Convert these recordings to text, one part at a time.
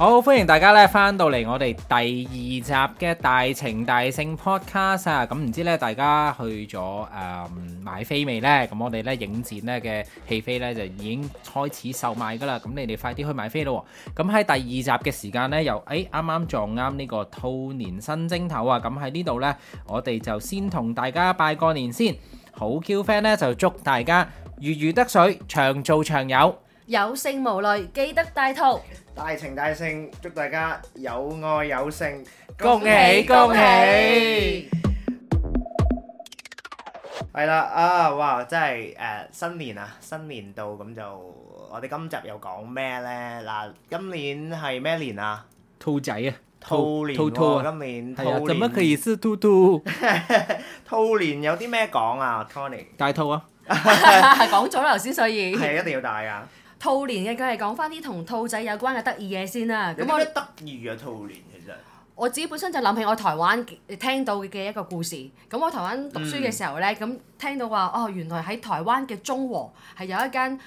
好，歡迎大家咧翻到嚟我哋第二集嘅大情大性 podcast 啊！咁唔知咧大家去咗誒、呃、買飛未呢？咁我哋咧影展咧嘅戲飛咧就已經開始售賣噶啦，咁你哋快啲去買飛咯！咁喺第二集嘅時間咧，又誒啱啱撞啱呢個兔年新正頭啊！咁喺呢度咧，我哋就先同大家拜過年先，好 Q fan 咧就祝大家如魚得水，長做長有，有性無淚，記得帶套。大情大性，祝大家有愛有性，恭喜恭喜！係啦，啊哇，真係誒新年啊，新年到咁就，我哋今集又講咩咧？嗱，今年係咩年啊？兔仔啊，兔年，兔兔啊，今年兔年。係啊，怎麼可以是兔兔？兔年有啲咩講啊？Tony，大兔啊？講咗啦，頭先所以。係一定要大啊！兔年嘅佢係講翻啲同兔仔有關嘅得意嘢先啦，咁我覺得得意嘅兔年其實我自己本身就諗起我台灣聽到嘅一個故事，咁我台灣讀書嘅時候咧，咁、嗯、聽到話哦原來喺台灣嘅中和係有一間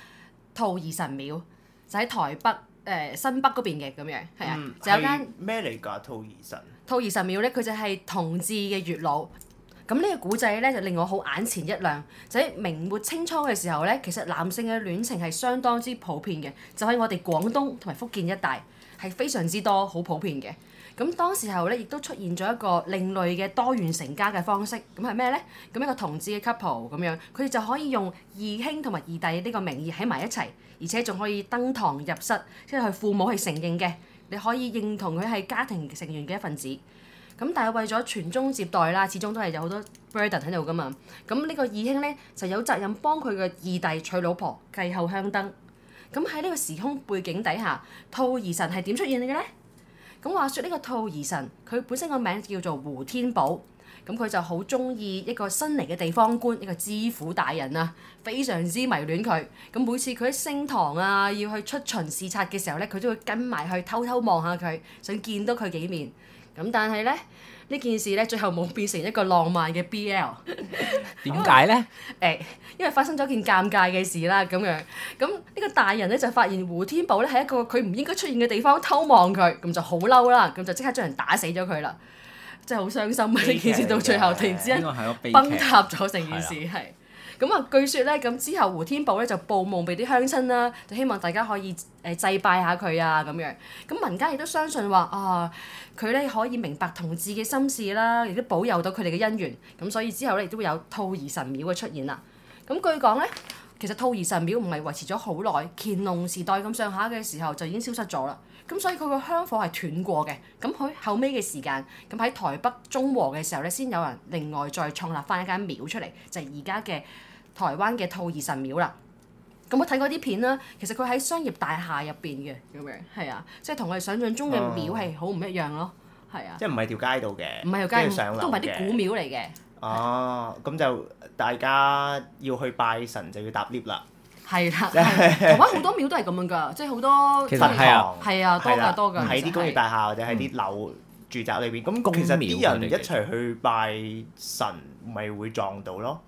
兔兒神廟，就喺、是、台北誒、呃、新北嗰邊嘅咁樣，係啊，就、嗯、有間咩嚟㗎兔兒神？兔兒神廟咧，佢就係同志嘅月老。咁呢個古仔咧就令我好眼前一亮，就喺明末清初嘅時候咧，其實男性嘅戀情係相當之普遍嘅，就喺我哋廣東同埋福建一帶係非常之多，好普遍嘅。咁當時候咧，亦都出現咗一個另類嘅多元成家嘅方式，咁係咩咧？咁一個同志嘅 couple 咁樣，佢哋就可以用義兄同埋義弟呢個名義喺埋一齊，而且仲可以登堂入室，即係佢父母係承認嘅，你可以認同佢係家庭成員嘅一份子。咁但係為咗傳宗接代啦，始終都係有好多 burden 喺度㗎嘛。咁呢個義兄咧，就有責任幫佢嘅義弟娶老婆、繼後香燈。咁喺呢個時空背景底下，兔兒神係點出現嘅咧？咁話說呢個兔兒神，佢本身個名叫做胡天保，咁佢就好中意一個新嚟嘅地方官，一個知府大人啊，非常之迷戀佢。咁每次佢喺升堂啊，要去出巡視察嘅時候咧，佢都會跟埋去，偷偷望下佢，想見多佢幾面。咁但係咧，呢件事咧，最後冇變成一個浪漫嘅 BL，點解咧？誒，因為發生咗件尷尬嘅事啦，咁樣，咁、這、呢個大人咧就發現胡天保咧，喺一個佢唔應該出現嘅地方偷望佢，咁就好嬲啦，咁就即刻將人打死咗佢啦，真係好傷心啊！呢件事到最後突然之間崩塌咗，成件事係。咁啊，據說咧，咁之後胡天保咧就報夢俾啲鄉親啦，就希望大家可以誒、呃、祭拜下佢啊咁樣。咁民間亦都相信話啊，佢咧可以明白同志嘅心事啦，亦都保佑到佢哋嘅姻緣。咁所以之後咧亦都會有兔兒神廟嘅出現啦。咁、嗯、據講咧，其實兔兒神廟唔係維持咗好耐，乾隆時代咁上下嘅時候就已經消失咗啦。咁所以佢個香火係斷過嘅，咁佢後尾嘅時間，咁喺台北中和嘅時候咧，先有人另外再創立翻一間廟出嚟，就係而家嘅台灣嘅兔兒神廟啦。咁我睇過啲片啦，其實佢喺商業大廈入邊嘅，咁樣係啊，即係同我哋想象中嘅廟係好唔一樣咯，係啊，即係唔係條街度嘅，唔係條街度上嚟，都唔係啲古廟嚟嘅。哦、啊，咁、啊、就大家要去拜神就要搭 lift 啦。係啦，台灣好多廟都係咁樣㗎，即係好多其實係啊，多㗎多㗎，喺啲工業大廈或者喺啲樓住宅裏邊。咁、嗯、其實啲人一齊去拜神，咪會撞到咯。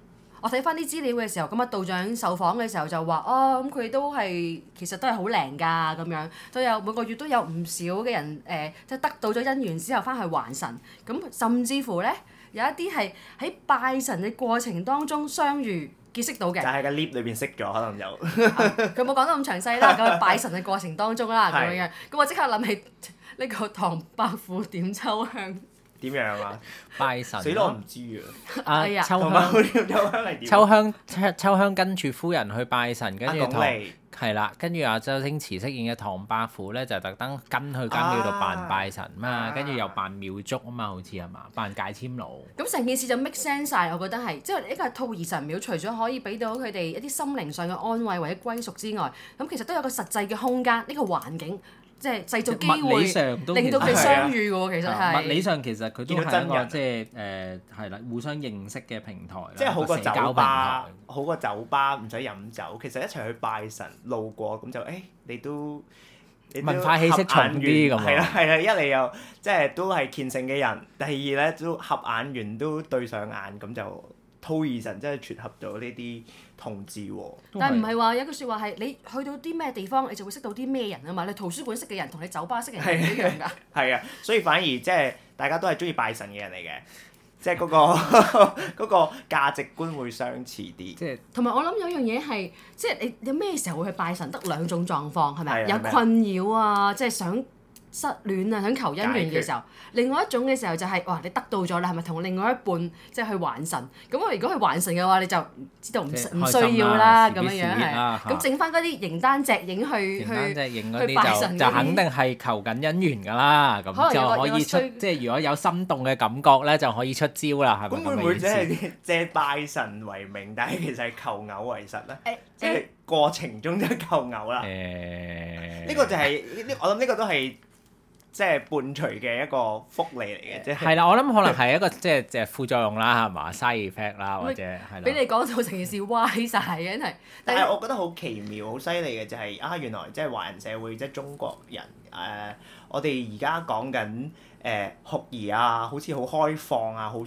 我睇翻啲資料嘅時候，咁啊道長受訪嘅時候就話：哦，咁佢都係其實都係好靈㗎，咁樣都有每個月都有唔少嘅人，誒、呃，即係得到咗姻緣之後翻去還神。咁甚至乎咧，有一啲係喺拜神嘅過程當中相遇。結識到嘅，但係個 lift 裏邊識咗，可能就佢冇講得咁詳細啦。咁樣 拜神嘅過程當中啦，咁樣 是，咁我即刻諗起呢個唐伯虎點秋香。點樣啊？拜神？死咯唔知啊！知啊，秋、啊哎、呀香，秋香係點？秋香，秋香跟住夫人去拜神，跟住同。啊係啦，跟住阿周星馳飾演嘅唐伯虎咧，就特登跟去間廟度扮拜神嘛，跟住、啊、又扮廟祝啊嘛，好似係嘛，扮解簽佬。咁成、嗯、件事就 make sense 曬，我覺得係，即係呢個兔兒神廟，除咗可以俾到佢哋一啲心靈上嘅安慰或者歸屬之外，咁、嗯、其實都有個實際嘅空間，呢、呢個環境。即係製造機會，令到佢相遇嘅喎。其實係、啊啊、物理上，其實佢都真係即係誒係啦，互相認識嘅平台。即係好過酒吧，好過酒吧，唔使飲酒。其實一齊去拜神，路過咁就誒、欸，你都你都文化氣息重啲咁。係啦係啦，一嚟又即係都係虔誠嘅人，第二咧都合眼緣都對上眼，咁就偷二神，即係撮合咗呢啲。同志喎、哦，是但唔係話有句説話係你去到啲咩地方，你就會識到啲咩人啊嘛？你圖書館識嘅人同你酒吧識嘅人係唔一樣㗎？係啊，所以反而即、就、係、是、大家都係中意拜神嘅人嚟嘅，即係嗰個嗰 個價值觀會相似啲。即係同埋我諗有樣嘢係，即、就、係、是、你有咩時候會去拜神？得兩種狀況係咪？是是 有困擾啊，即、就、係、是、想。失戀啊，想求姻緣嘅時候，另外一種嘅時候就係哇，你得到咗啦，係咪同另外一半即係去還神？咁我如果去還神嘅話，你知道唔唔需要啦咁樣樣係。咁整翻嗰啲形單隻影去去去拜神嗰啲就就肯定係求緊姻緣㗎啦。咁就可以出即係如果有心動嘅感覺咧，就可以出招啦，係咪咁意思？會唔會即係即係借拜神為名，但係其實係求偶為實咧？即係過程中都求偶啦。呢個就係呢啲，我諗呢個都係。即係伴隨嘅一個福利嚟嘅，即係係啦。我諗可能係一個 即係即係副作用啦，係嘛？Side effect 啦，或者係啦。俾 的你講到成件事歪晒嘅真係。但係我覺得好奇妙、好犀利嘅就係、是、啊，原來即係華人社會，即係中國人誒、呃，我哋、呃、而家講緊誒學兒啊，好似好開放啊，好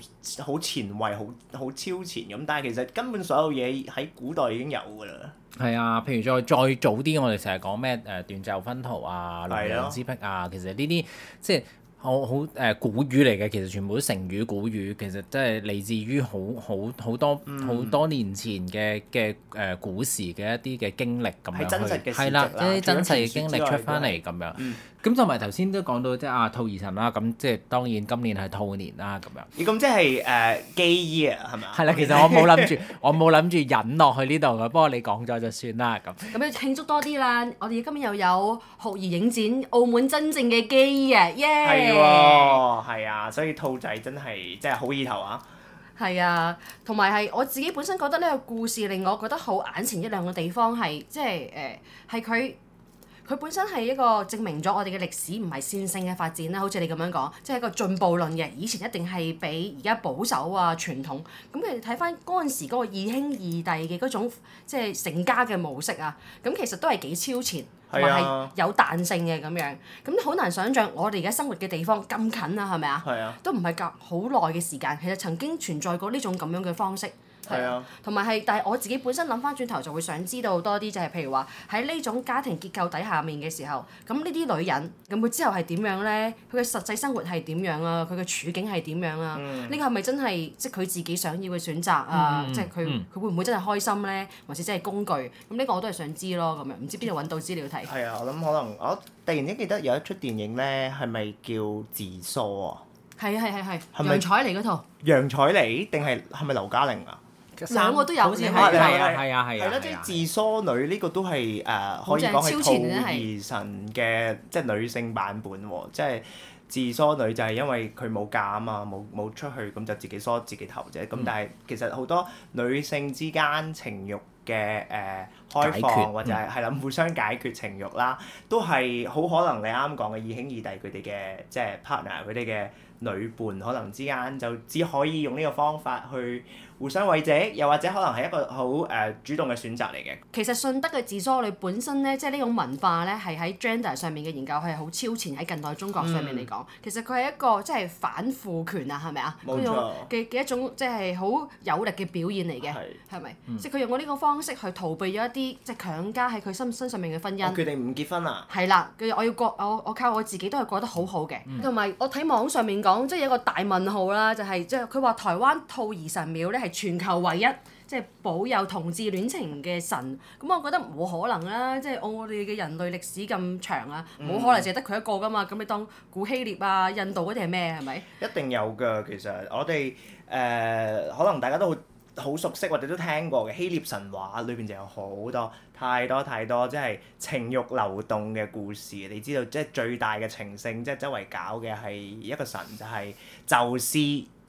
好前衛、好好，好超前咁。但係其實根本所有嘢喺古代已經有㗎啦。係啊，譬如再再早啲，我哋成日講咩誒斷袖分桃啊、龍陽之癖啊，是啊，其實呢啲即係好好誒、呃、古語嚟嘅，其實全部都成語古語，其實即係嚟自於好好好多好多年前嘅嘅誒古時嘅一啲嘅經歷咁樣。係真實嘅事蹟啦，啊，就係、一啲真實嘅經歷出翻嚟咁樣。咁同埋頭先都講到即係啊，兔兒神啦、啊，咁、嗯、即係當然今年係兔年啦、啊，咁樣。咦、嗯？咁即係誒 Gay Year 啊，係咪啊？係啦，其實我冇諗住， 我冇諗住忍落去呢度嘅，不過你講咗就算啦，咁。咁、嗯、要慶祝多啲啦！我哋今日又有酷兒影展，澳門真正嘅 Gay Year，耶！係喎，係啊，所以兔仔真係即係好意頭啊！係啊，同埋係我自己本身覺得呢個故事令我覺得好眼前一亮嘅地方係即係誒，係、呃、佢。佢本身係一個證明咗我哋嘅歷史唔係線性嘅發展啦，好似你咁樣講，即係一個進步論嘅。以前一定係比而家保守啊，傳統。咁你哋睇返嗰陣時嗰個二兄二弟嘅嗰種即係、就是、成家嘅模式啊，咁、嗯、其實都係幾超前，同埋係有彈性嘅咁樣。咁好是、啊、難想像我哋而家生活嘅地方咁近啊，係咪啊？是啊都唔係隔好耐嘅時間，其實曾經存在過呢種咁樣嘅方式。係啊，同埋係，但係我自己本身諗翻轉頭，就會想知道多啲，就係、是、譬如話喺呢種家庭結構底下面嘅時候，咁呢啲女人咁佢之後係點樣咧？佢嘅實際生活係點樣啊？佢嘅處境係點樣啊？呢個係咪真係即係佢自己想要嘅選擇啊？嗯、即係佢佢會唔會真係開心咧？還是真係工具？咁呢個我都係想知咯。咁樣唔知邊度揾到資料睇？係啊，我諗可能我突然之間記得有一出電影咧，係咪叫《自梳》啊？係啊，係係係楊采妮嗰套。楊采妮定係係咪劉嘉玲啊？三兩個都有先，係啊係啊係啊係啊！係咯、啊，即、啊啊啊啊、自梳女呢個都係誒，可以講係兔兒神嘅是即女性版本喎，即自梳女就係因為佢冇嫁啊嘛，冇冇出去咁就自己梳自己頭啫。咁但係其實好多女性之間情慾嘅誒開放或者係係諗互相解決情慾啦、啊，都係好可能你啱啱講嘅二兄二弟佢哋嘅即 partner 佢哋嘅。女伴可能之間就只可以用呢個方法去互相慰藉，又或者可能係一個好誒、呃、主動嘅選擇嚟嘅。其實順德嘅自梳女本身咧，即係呢種文化咧，係喺 gender 上面嘅研究係好超前喺近代中國上面嚟講。嗯、其實佢係一個即係反父權啊，係咪啊？冇錯。嘅嘅一種即係好有力嘅表現嚟嘅，係咪？即係佢用我呢個方式去逃避咗一啲即係強加喺佢身身上面嘅婚姻。佢哋唔結婚啊？係啦，我要過我靠我自己都係覺得好好嘅，同埋、嗯、我睇網上面。講即係一個大問號啦，就係即係佢話台灣兔兒神廟咧係全球唯一即係保佑同志戀情嘅神，咁我覺得冇可能啦，即係我哋嘅人類歷史咁長啊，冇可能淨係得佢一個㗎嘛，咁、嗯、你當古希臘啊、印度嗰啲係咩係咪？一定有㗎，其實我哋誒、呃、可能大家都好。好熟悉，我哋都聽過嘅。希臘神話裏邊就有好多太多太多，即係情慾流動嘅故事。你知道，即係最大嘅情聖，即係周圍搞嘅係一個神，就係、是、宙斯，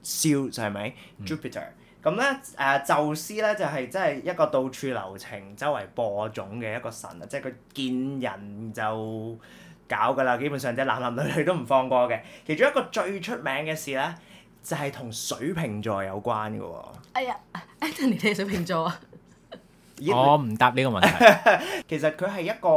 笑就係咪 Jupiter？咁咧，誒、呃、宙斯咧就係即係一個到處留情、周圍播種嘅一個神啊！即係佢見人就搞㗎啦，基本上即係男男女女都唔放過嘅。其中一個最出名嘅事咧。就係同水瓶座有關嘅喎。哎呀，Anthony 你係水瓶座啊？ 我唔答呢個問題。 其實佢係一個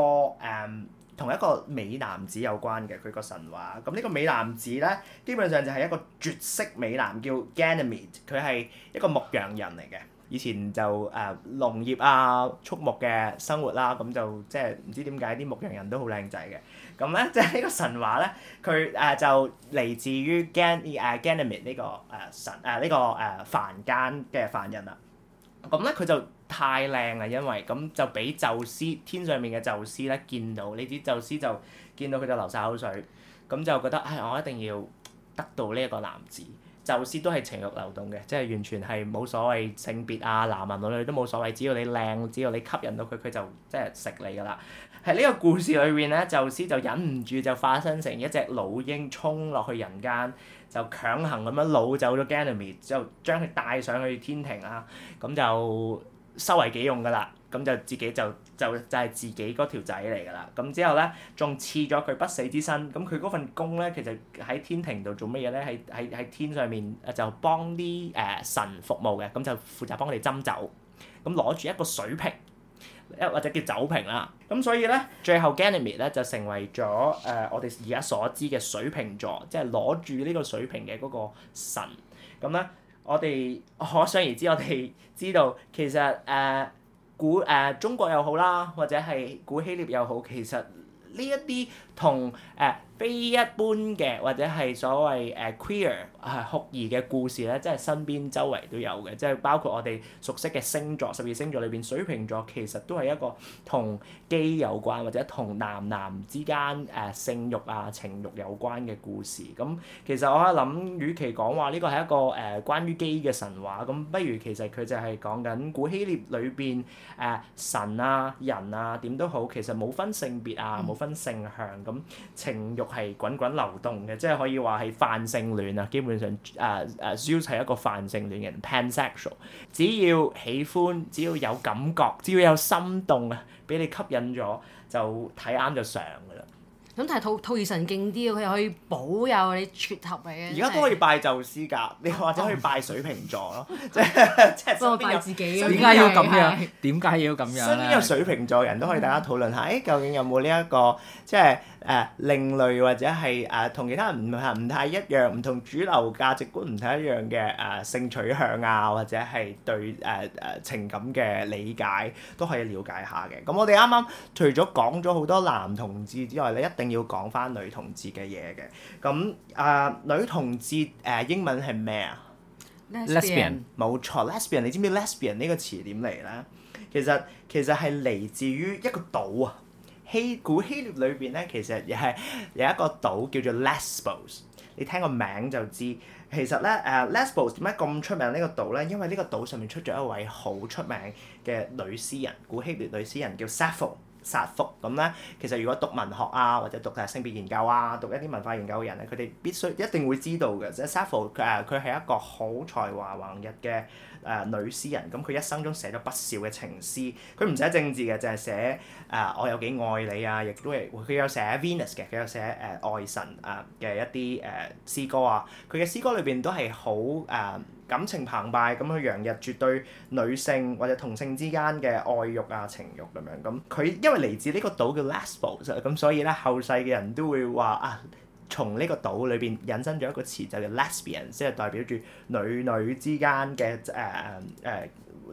誒，同、嗯、一個美男子有關嘅，佢個神話。咁呢個美男子咧，基本上就係一個絕色美男，叫 Ganymede。佢係一個牧羊人嚟嘅，以前就誒、呃、農業啊、畜牧嘅生活啦、啊。咁就即係唔知點解啲牧羊人都好靚仔嘅。咁咧、嗯，即係呢個神話咧，佢誒、啊、就嚟自於 g a n 誒、啊、Ganymede 呢、e 這個誒、啊、神誒呢、啊這個誒、啊、凡間嘅凡人啦。咁、嗯、咧，佢就太靚啦，因為咁、嗯、就俾宙斯天上面嘅宙斯咧見到，呢啲宙斯就見到佢就流晒口水，咁、嗯、就覺得唉、哎，我一定要得到呢一個男子。宙斯都係情欲流動嘅，即係完全係冇所謂性別啊，男啊女女都冇所謂，只要你靚，只要你吸引到佢，佢就，就即係食你㗎啦。喺呢個故事裏面咧，宙斯就忍唔住就化身成一隻老鷹，衝落去人間，就強行咁樣攞走咗 Ganymede，之後將佢帶上去天庭啦，咁就收為己用噶啦，咁就自己就就，就就係自己嗰條仔嚟噶啦，咁之後咧，仲賜咗佢不死之身，咁佢嗰份工咧，其實喺天庭度做乜嘢咧？喺喺喺天上面就幫啲誒神服務嘅，咁就負責幫佢哋斟酒，咁攞住一個水瓶。一或者叫酒瓶啦，咁所以咧，最後 Ganymede 咧就成為咗誒、呃、我哋而家所知嘅水瓶座，即係攞住呢個水瓶嘅嗰個神。咁咧，我哋可想而知，我哋知道其實誒、呃、古誒、呃、中國又好啦，或者係古希臘又好，其實呢一啲，同誒、呃、非一般嘅或者係所謂誒、呃、queer 係、呃、酷兒嘅故事咧，即係身邊周圍都有嘅，即係包括我哋熟悉嘅星座，十二星座裏邊水瓶座，其實都係一個同基有關或者同男男之間誒、呃、性欲啊情欲有關嘅故事。咁、嗯、其實我喺度諗，與其講話呢個係一個誒、呃、關於基嘅神話，咁不如其實佢就係講緊古希臘裏邊誒、呃、神啊人啊點都好，其實冇分性別啊冇、嗯、分性向。咁情欲係滾滾流動嘅，即係可以話係泛性戀啊。基本上誒誒，Zeus 係一個泛性戀人，Pansexual。只要喜歡，只要有感覺，只要有心動啊，俾你吸引咗就睇啱就上㗎啦。咁但係討討起神經啲佢又可以保佑你撮合你啊。而家都可以拜宙斯㗎，你或者可以拜水瓶座咯。即係即係拜自己有點解要咁樣？點解要咁樣？身邊有水瓶座嘅人都可以大家討論下，誒究竟有冇呢一個即係？誒、uh, 另類或者係誒同其他人唔係唔太一樣，唔同主流價值觀唔太一樣嘅誒、uh, 性取向啊，或者係對誒誒、uh, 呃、情感嘅理解都可以了解下嘅。咁我哋啱啱除咗講咗好多男同志之外，咧一定要講返女同志嘅嘢嘅。咁誒、uh, 女同志誒、uh, 英文係咩啊？Lesbian，冇錯，Lesbian 你知唔知 Lesbian 呢個詞點嚟咧？其實其實係嚟自於一個島啊。希古希臘裏邊咧，其實又係有一個島叫做 Lesbos。你聽個名就知，其實咧誒、uh, Lesbos 點解咁出名呢個島咧？因為呢個島上面出咗一位好出名嘅女詩人，古希臘女詩人叫 Sappho。莎福咁咧，其實如果讀文學啊，或者讀誒性別研究啊，讀一啲文化研究嘅人咧，佢哋必須一定會知道嘅。即係莎福佢誒，佢係一個好才華橫溢嘅誒女詩人。咁佢一生中寫咗不少嘅情詩，佢唔寫政治嘅，淨係寫誒、呃、我有幾愛你啊！亦都係佢有寫 Venus 嘅，佢有寫誒、呃、愛神誒嘅一啲誒、呃、詩歌啊。佢嘅詩歌裏邊都係好誒。呃感情澎湃咁佢洋溢絕對女性或者同性之間嘅愛欲啊情欲咁、啊、樣咁佢因為嚟自呢個島叫 Lesbos 啫咁所以咧後世嘅人都會話啊。從呢個島裏邊引申咗一個詞，就叫 lesbian，即係代表住女女之間嘅誒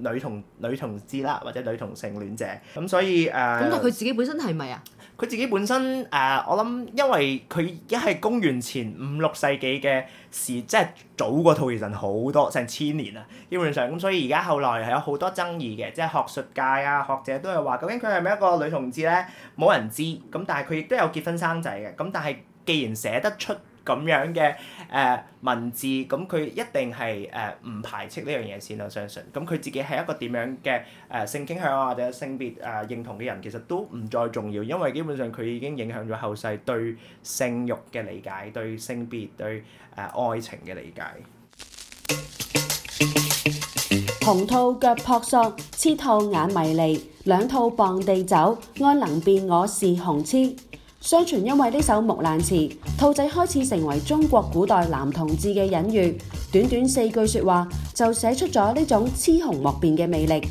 誒女同女同志啦，或者女同性戀者。咁、嗯、所以誒，咁、呃、佢自己本身係咪啊？佢自己本身誒、呃，我諗因為佢一係公元前五六世紀嘅事，即係早過兔兒神好多成千年啊。基本上咁、嗯，所以而家後來係有好多爭議嘅，即係學術界啊、學者都係話，究竟佢係咪一個女同志咧？冇人知。咁但係佢亦都有結婚生仔嘅。咁但係。既然寫得出咁樣嘅誒文字，咁佢一定係誒唔排斥呢樣嘢先咯。我相信咁佢自己係一個點樣嘅誒性傾向啊，或者性別誒認同嘅人，其實都唔再重要，因為基本上佢已經影響咗後世對性慾嘅理解、對性別、對誒愛情嘅理解。雄兔腳撲朔，雌兔眼迷離，兩兔傍地走，安能辨我是雄雌？相傳因為呢首木蘭詞，兔仔開始成為中國古代男同志嘅隱喻。短短四句說話，就寫出咗呢種雌雄莫辨嘅魅力。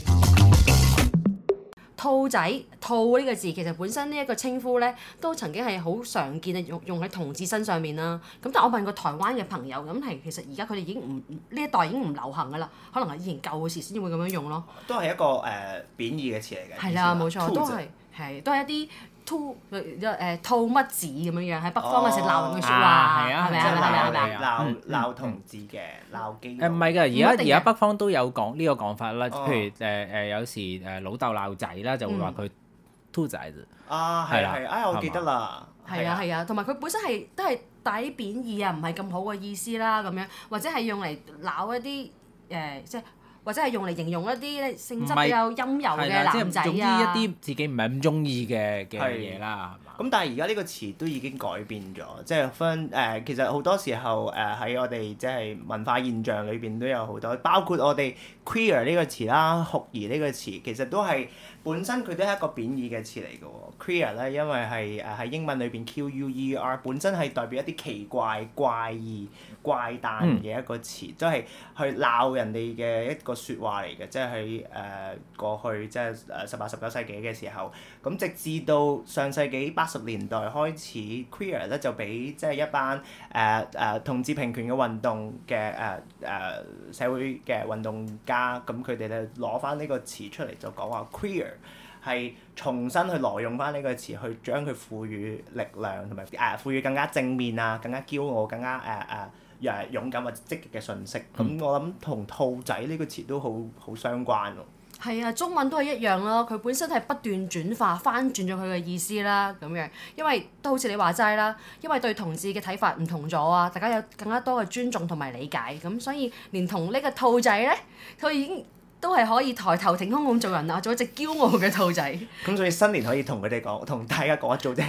兔仔，兔呢個字其實本身呢一個稱呼呢，都曾經係好常見啊，用用喺同志身上面啦。咁但我問過台灣嘅朋友，咁係其實而家佢哋已經唔呢一代已經唔流行噶啦，可能係以前舊嘅時先會咁樣用咯。都係一個誒貶義嘅詞嚟嘅。係啦，冇錯，都係係都係一啲。兔，即係乜子咁樣樣喺北方嘅時鬧人嘅説話，係咪啊？鬧鬧吧同志嘅，鬧基誒唔係㗎，而家而家北方都有講呢個講法啦。譬如誒誒、oh. 呃，有時誒老豆鬧仔啦，就會話佢兔仔。Oh. 吧 uh, 啊，係係、啊啊啊，哎，我記得啦。係啊係啊，同埋佢本身係都係帶貶義啊，唔係咁好嘅意思啦，咁樣或者係用嚟鬧一啲誒即。呃就是或者係用嚟形容一啲性質比較陰柔嘅男仔是生啊，總之一啲自己唔係咁中意嘅嘅嘢啦。咁但係而家呢個詞都已經改變咗，即係分誒、呃，其實好多時候誒喺、呃、我哋即係文化現象裏邊都有好多，包括我哋 queer 呢個詞啦、酷兒呢個詞，其實都係本身佢都係一個貶義嘅詞嚟嘅喎。queer 咧、嗯，因為係誒喺英文裏邊 queer，本身係代表一啲奇怪、怪異、怪誕嘅一個詞，即、就、係、是、去鬧人哋嘅一個説話嚟嘅，即係誒、呃、過去即係誒、呃、十八、十九世紀嘅時候。咁直至到上世紀八十年代開始，queer 咧就俾即係一班誒誒、呃呃、同志平權嘅運動嘅誒誒社會嘅運動家，咁佢哋咧攞翻呢個詞出嚟就講話 queer 係重新去挪用翻呢個詞去將佢賦予力量同埋誒賦予更加正面啊、更加驕傲、更加誒誒誒勇敢或者積極嘅信息。咁、嗯、我諗同兔仔呢個詞都好好相關喎。係啊，中文都係一樣咯，佢本身係不斷轉化、翻轉咗佢嘅意思啦，咁樣，因為都好似你話齋啦，因為對同志嘅睇法唔同咗啊，大家有更加多嘅尊重同埋理解，咁所以連同呢個兔仔咧，佢已經都係可以抬頭挺胸咁做人啦，做一隻驕傲嘅兔仔。咁所以新年可以同佢哋講，同大家講做隻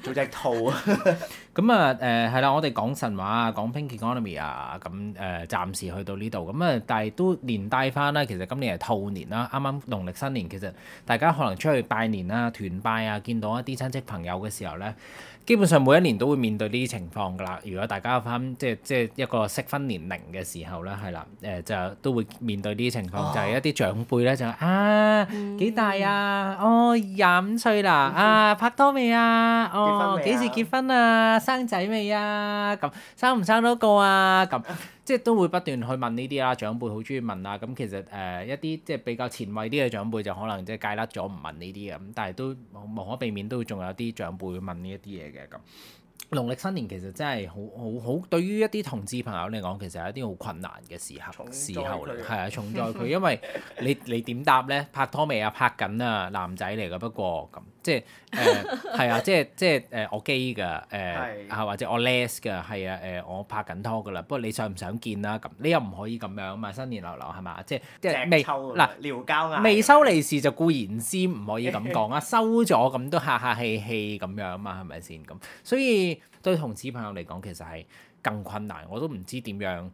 做隻兔啊！ 咁啊，誒係啦，我哋講神話啊，講 Pink Economy 啊，咁誒暫時去到呢度。咁啊，但係都連帶翻啦，其實今年係兔年啦，啱啱農曆新年，其實大家可能出去拜年啊、團拜啊，見到一啲親戚朋友嘅時候咧，基本上每一年都會面對呢啲情況㗎啦。如果大家翻即係即係一個適婚年齡嘅時候咧，係、嗯、啦，誒就都會面對呢啲情況，哦、就係一啲長輩咧就啊幾、嗯、大啊，哦廿五歲啦，歲啊，啊拍拖未啊？結婚哦幾時結婚啊？生仔未啊？咁生唔生多個啊？咁即係都會不斷去問呢啲啦，長輩好中意問啊。咁其實誒、呃、一啲即係比較前衞啲嘅長輩就可能即係戒甩咗唔問呢啲嘅咁，但係都無可避免都仲有啲長輩會問呢一啲嘢嘅咁。農曆新年其實真係好好好，對於一啲同志朋友嚟講，其實係一啲好困難嘅時，時候，時候係啊，重在佢， 因為你你點答咧？拍拖未啊？拍緊啊？男仔嚟嘅不過咁。 即係誒係啊！即係即係誒、呃呃、我 gay 噶誒、呃、是的 或者我 les 嘅係啊、嗯、誒、呃、我拍緊拖噶啦。不過你想唔想見啦？咁你又唔可以咁樣嘛？新年流流係咪？即係即係未嗱撩啦交啊！未收利是就固然之唔可以咁講啊！收咗咁都客客氣氣咁樣啊嘛係咪先咁？所以對同志朋友嚟講其實係更困難，我都唔知點樣。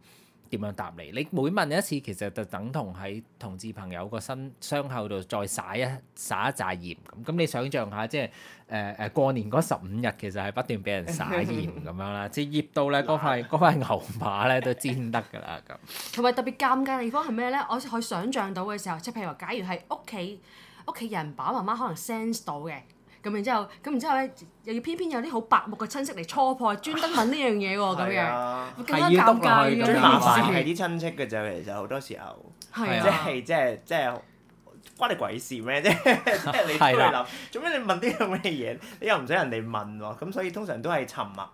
點樣答你？你每問一次，其實就等同喺同志朋友個身傷口度再撒一撒一揸鹽咁。咁你想象下，即係誒誒過年嗰十五日，其實係不斷俾人撒鹽咁 樣啦，即係醃到咧嗰塊嗰 塊，塊牛扒咧都煎得㗎啦咁。同埋特別尷尬嘅地方係咩咧？我可以想象到嘅時候，即係譬如話，假如係屋企屋企人，爸爸媽媽可能 sense 到嘅。咁然之後，咁然之後咧，又要偏偏有啲好白目嘅親戚嚟戳破，專登問呢樣嘢喎，咁樣更加尷尬啊！最麻煩係啲親戚嘅啫，其實好多時候，即係即係即係關你鬼事咩？即係即係你都去諗，做咩你問啲咁嘅嘢？你又唔使人哋問喎，咁所以通常都係沉默，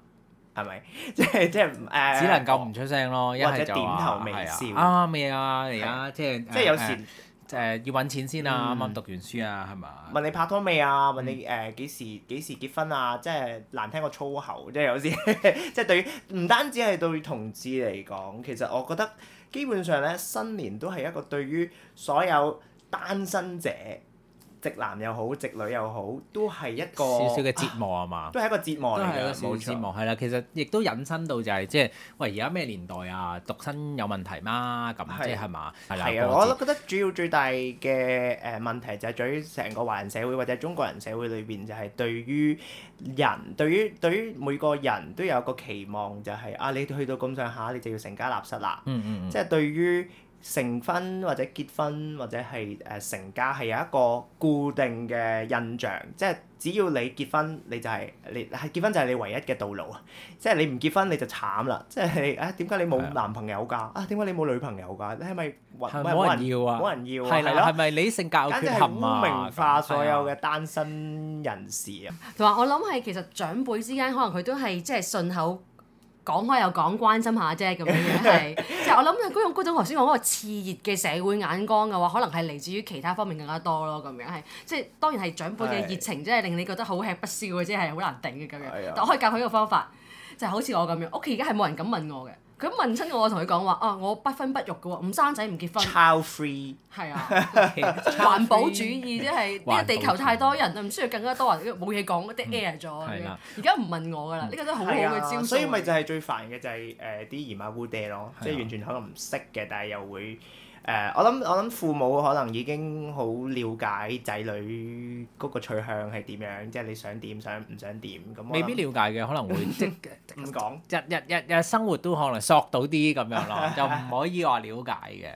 係咪？即係即係誒，只能夠唔出聲咯，或者點頭微笑。啱嘅啊，而家即係即係有時。誒要揾錢先啊，啱啱、嗯、讀完書啊，係嘛？問你拍拖未啊？問你誒幾、嗯呃、時幾時結婚啊？即係難聽過粗口，即係有時。 即係對於唔單止係對同志嚟講，其實我覺得基本上咧，新年都係一個對於所有單身者。直男又好，直女又好，都係一個少少嘅折磨啊嘛，都係一個折磨嚟嘅，冇錯冇錯係啦。其實亦都引申到就係、是，即係喂而家咩年代啊？獨身有問題嗎？咁即係係嘛？係啊是，的折我都覺得主要最大嘅誒問題就係在於成個華人社會或者中國人社會裏邊，就係對於人對於對於每個人都有個期望、就是，就係啊你去到咁上下，你就要成家立室啦。即係對於。成婚或者結婚或者係誒成家係有一個固定嘅印象，即係只要你結婚你就係、係、你係結婚就係你唯一嘅道路啊！即係你唔結婚你就慘啦！即係誒點解你冇、啊、男朋友㗎？啊點解你冇女朋友㗎？你係咪揾？冇人要啊！冇人要啊！係咪你性格有缺陷啊？簡直污名化所有嘅單身人士啊！同埋我諗係其實長輩之間可能佢都係即係順口。講開又講，關心下啫咁樣，係即係我諗，嗱，嗰種嗰種頭先講嗰個熾熱嘅社會眼光嘅話，可能係嚟自於其他方面更加多咯，咁樣係即係當然係長輩嘅熱情，即係的令你覺得好吃不消嘅，即係好難頂嘅咁樣。的但我可以教佢一個方法，就係、好似我咁樣，屋企而家係冇人敢問我嘅。咁問親我，我同佢講話，啊，我不婚不育嘅喎，唔生仔唔結婚。Child free 係啊， 環保主義即係呢個地球太多人啦，唔需要更加多人，冇嘢講嗰啲 air 咗。而家唔問我㗎啦，呢個都好好嘅招數，啊。所以咪就係最煩嘅就係誒啲姨媽姑爹咯，即係完全可能唔識嘅，但係又會。誒、uh，我諗我諗父母可能已經好了解仔女嗰個取向係點樣，即係你想點想唔想點咁。未必了解嘅，可能會即唔講日日日日生活都可能索到啲咁樣咯，又唔 可以話了解嘅。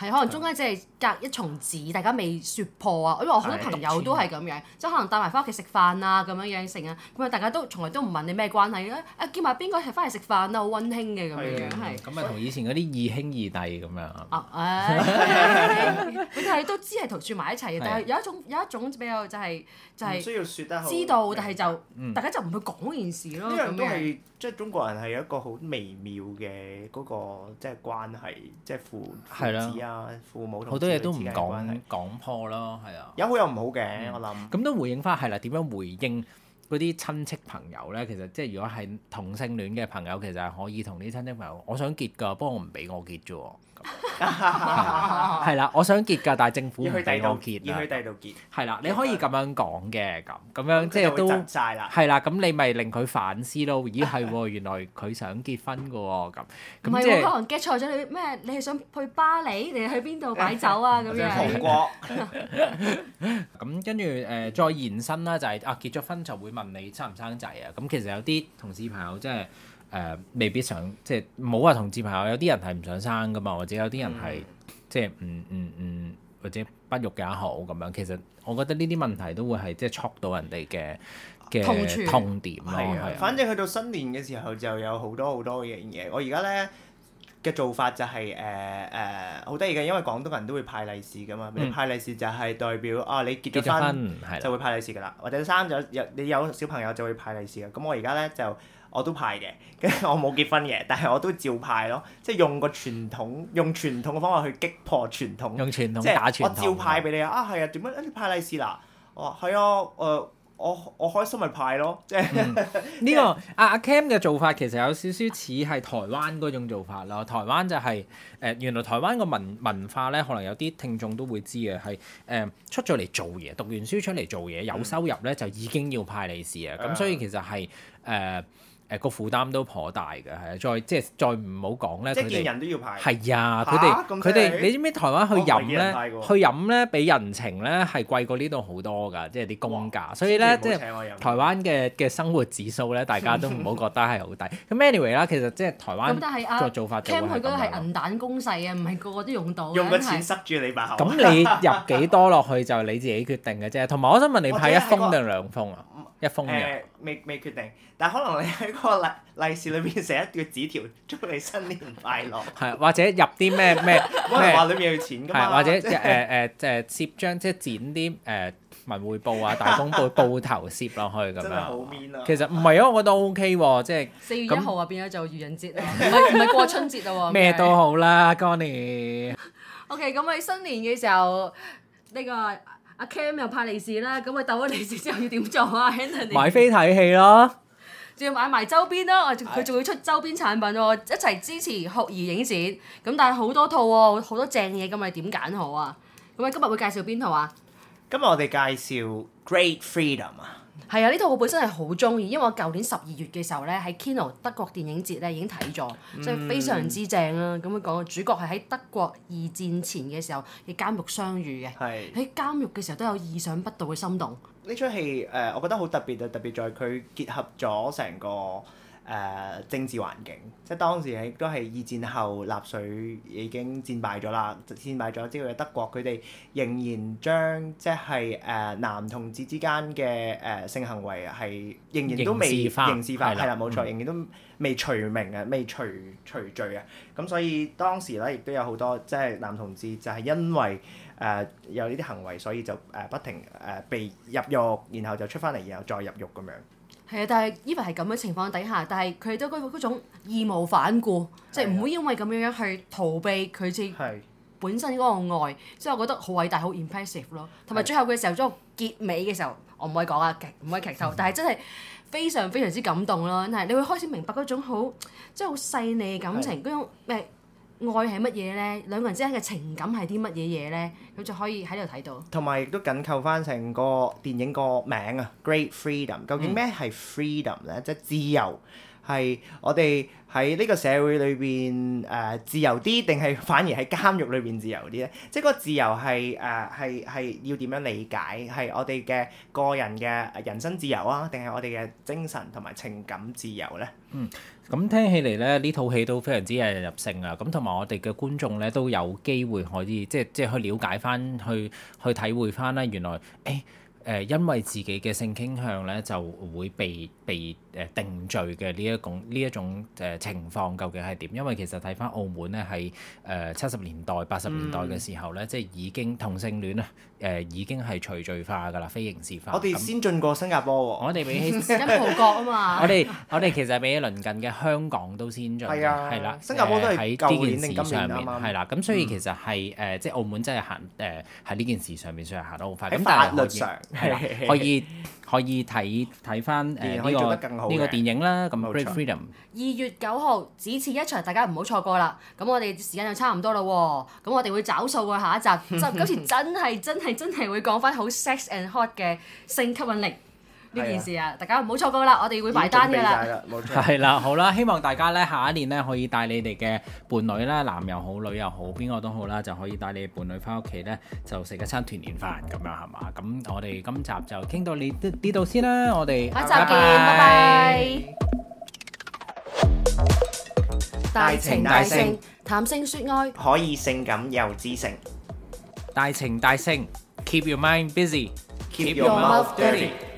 係可能中間即係隔一重紙，大家未説破啊。因為我好多朋友都係咁樣，即的可能帶埋翻屋企食飯啊咁樣樣成啊，咁啊大家都從來都唔問你咩關係啊，叫埋邊個係翻嚟食飯啊，好溫馨嘅咁的樣樣係。咁咪同以前嗰啲二兄二弟咁樣。啊誒、 哎，佢哋都知係同住埋一齊嘅，但係有一種有一種比較就係、是、就係、是。需要説得好知道，但係就、嗯、大家就唔去講呢件事咯。呢樣都係樣即係中國人係有一個好微妙嘅嗰、那個即係、就是、關係，即、就、係、是、父、父子啊。父母好多嘢都唔講講破咯，係啊，有，有好有唔好嘅，我諗。咁、嗯、都回應返係啦，點、啊、樣回應嗰啲親戚朋友咧？其實即係如果係同性戀嘅朋友，其實係可以同啲親戚朋友，我想結㗎，不過我唔俾我結啫喎。係啦，我想結㗎，但係政府唔俾我結。要去第二度結。係啦，你可以咁樣講嘅，咁咁樣即係都係啦。咁你咪令佢反思咯。咦，係喎，原來佢想結婚㗎喎。咁唔係，可能 get 錯咗你咩？你係想去巴黎，定係去邊度擺酒啊？咁樣。韓國。咁跟住誒，再延伸啦，就係啊，結咗婚就會問你生唔生仔啊。咁其實有啲同事朋友真係。誒、uh, 未必想即係冇話同志朋友，有啲人係唔想生噶嘛，或者有啲人係、嗯、即係唔唔唔，或者不育也好咁樣。其實我覺得呢啲問題都會係即係觸到人哋嘅嘅痛點，係痛處啊，反正去到新年嘅時候就有好多好多嘅嘢。我而家咧嘅做法就係誒誒好得意嘅，因為廣東人都會派利是噶嘛。嗯、你派利是就係代表啊，你結咗婚就會派利是噶啦，或者生咗有你有小朋友就會派利是嘅。咁我而家咧就。我都派嘅，跟住我冇結婚嘅，但係我都照派咯，即係用個傳統，用傳統嘅方法去擊破傳統，用傳統，打傳統即係我照派俾你的啊你、呃！啊，係啊，點樣跟住派利是嗱，哦，係啊，誒，我我開心咪派咯，即係呢個阿阿 Cam 嘅做法其實有少少似係台灣嗰種做法咯。台灣就係、是、誒、呃、原來台灣個文文化咧，可能有啲聽眾都會知嘅係誒出咗嚟做嘢，讀完書出嚟做嘢有收入咧就已經要派利是啊，咁、嗯、所以其實係誒。呃呃誒個負擔都頗大嘅，係啊，再即係再唔好講咧，即係見人都要派，係啊，佢哋佢哋，你知唔知台灣去飲咧？去飲咧，俾人情咧係貴過呢度好多㗎，即係啲工價。所以咧，即係台灣嘅嘅生活指數咧，大家都唔好覺得係好低。咁 anyway 啦，其實即係台灣個做法就係話佢嗰個係銀彈攻勢啊，唔係個個都用到。用個錢塞住你把口啦。咁你入幾多落去就你自己決定嘅啫。同埋我想問你派一封定兩封啊？一封嘅、呃，未未決定，但可能你喺個利利是裏面寫一段紙條，祝你新年快樂。係，或者入啲咩咩咩，話裏 面要錢㗎嘛。係是，或者誒誒誒，攝張即係剪啲誒文匯報啊、大公報報頭攝落去咁樣。 真係好 mean 啊！啊、其實唔係啊，我覺得 O K 喎，即係四月一號、嗯、啊，變咗做愚人節唔係唔係過春節啦、啊、喎。咩 都好啦，過年。O K，咁咪新年嘅時候呢、 okay, 這個。阿 Cam 又拍利是啦，咁佢鬥咗利是之後要點做啊？Henry 買飛睇戲咯，仲要買埋周邊咯。佢仲的要出周邊產品喎，一齊支持酷兒影展。咁但係好多套喎，哦，好多正嘢咁，我哋點揀好啊？咁你今日會介紹邊套啊？今日我哋介紹 Great Freedom。係啊，呢套我本身係好中意，因為我舊年十二月嘅時候咧，喺 Kino 德國電影節咧已經睇咗，嗯、所以非常之正啊。咁佢講，主角係喺德國二戰前嘅時候嘅監獄相遇嘅，喺是的 監獄嘅時候都有意想不到嘅心動。呢出戲誒，我覺得好特別啊！特別在佢結合咗成個。誒、呃、政治環境，即係當時係亦都係二戰後納粹已經戰敗咗啦，戰敗咗之後嘅德國，佢哋仍然將即係誒、呃、男同志之間嘅誒、呃、性行為係仍然都未刑事化，係啦冇錯，嗯、仍然都未除名啊，未除除罪啊，咁所以當時咧亦都有好多即係男同志就係因為誒、呃、有呢啲行為，所以就誒不停誒被入獄，然後就出翻嚟，然後再入獄咁樣。係啊，但係 even 係咁嘅情況底下，但係佢都嗰嗰種義無反顧，的即係唔會因為咁樣樣去逃避佢啲本身嗰個愛，所的以我覺得好偉大，好 impressive 咯。同埋的最後嘅時候，最後結尾嘅時候，我唔可以講啊劇，唔可以劇透，的但係真係非常非常之感動咯。但係你會開始明白嗰種好，即係好細膩嘅感情嗰的種咩？呃愛係乜嘢咧？兩個人之間嘅情感係啲乜嘢嘢咧？佢就可以喺度睇到。同埋亦都緊扣翻成個電影個名啊，《Great Freedom》究竟咩係 freedom 咧？嗯、即係自由。係我哋喺呢個社會裏邊誒自由啲，定係反而喺監獄裏邊自由啲咧？即係嗰個自由係誒係係要點樣理解？係我哋嘅個人嘅人身自由啊，定係我哋嘅精神同埋情感自由咧？嗯，咁聽起嚟咧，呢套戲都非常之誒引人入勝啊！咁同埋我哋嘅觀眾咧都有機會可以即係即係去了解翻、去去體會翻咧，原來誒。誒，因為自己嘅性傾向咧，就會被被誒、呃、定罪嘅呢一種呢一種誒、呃、情況，究竟係點？因為其實睇返澳門咧，係誒七十年代、八十年代嘅時候咧，嗯、即係已經同性戀啦。誒、呃、已經係隨序化㗎啦，非刑事化。我哋先進過新加坡喎。我哋比起新我哋我哋其實比起鄰近嘅香港都先進。係啦、啊。了新加坡都係喺呢件事上面。舊年定今年啊嘛。係啦，咁所以其實係誒、嗯呃，即係澳門真係行誒喺呢件事上面，所以行得好快。咁但係法律上係可以。可以睇睇翻可以做得更好呢個電影啦，咁啊 Great Freedom< 錯>，二月九號只此一場，大家唔好錯過啦。咁我哋時間又差唔多啦喎、哦，咁我哋會找數嘅、哦、下一集，就今 次真係真係真係會講翻好 sex and hot 嘅性吸引力。 呢件事啊，大家唔好錯過啦，我哋會埋單噶啦，係啦，好啦，希望大家咧下一年咧可以帶你哋嘅伴侶啦，男又好，女又好，邊個都好啦，就可以帶你嘅伴侶翻屋企咧，就食一餐團年飯咁樣係嘛，咁我哋今集就傾到你呢度先啦，我哋下一集見，拜拜。大情大性，談性說愛，可以性感又知性，大情大性，keep your mind busy，keep your mouth dirty。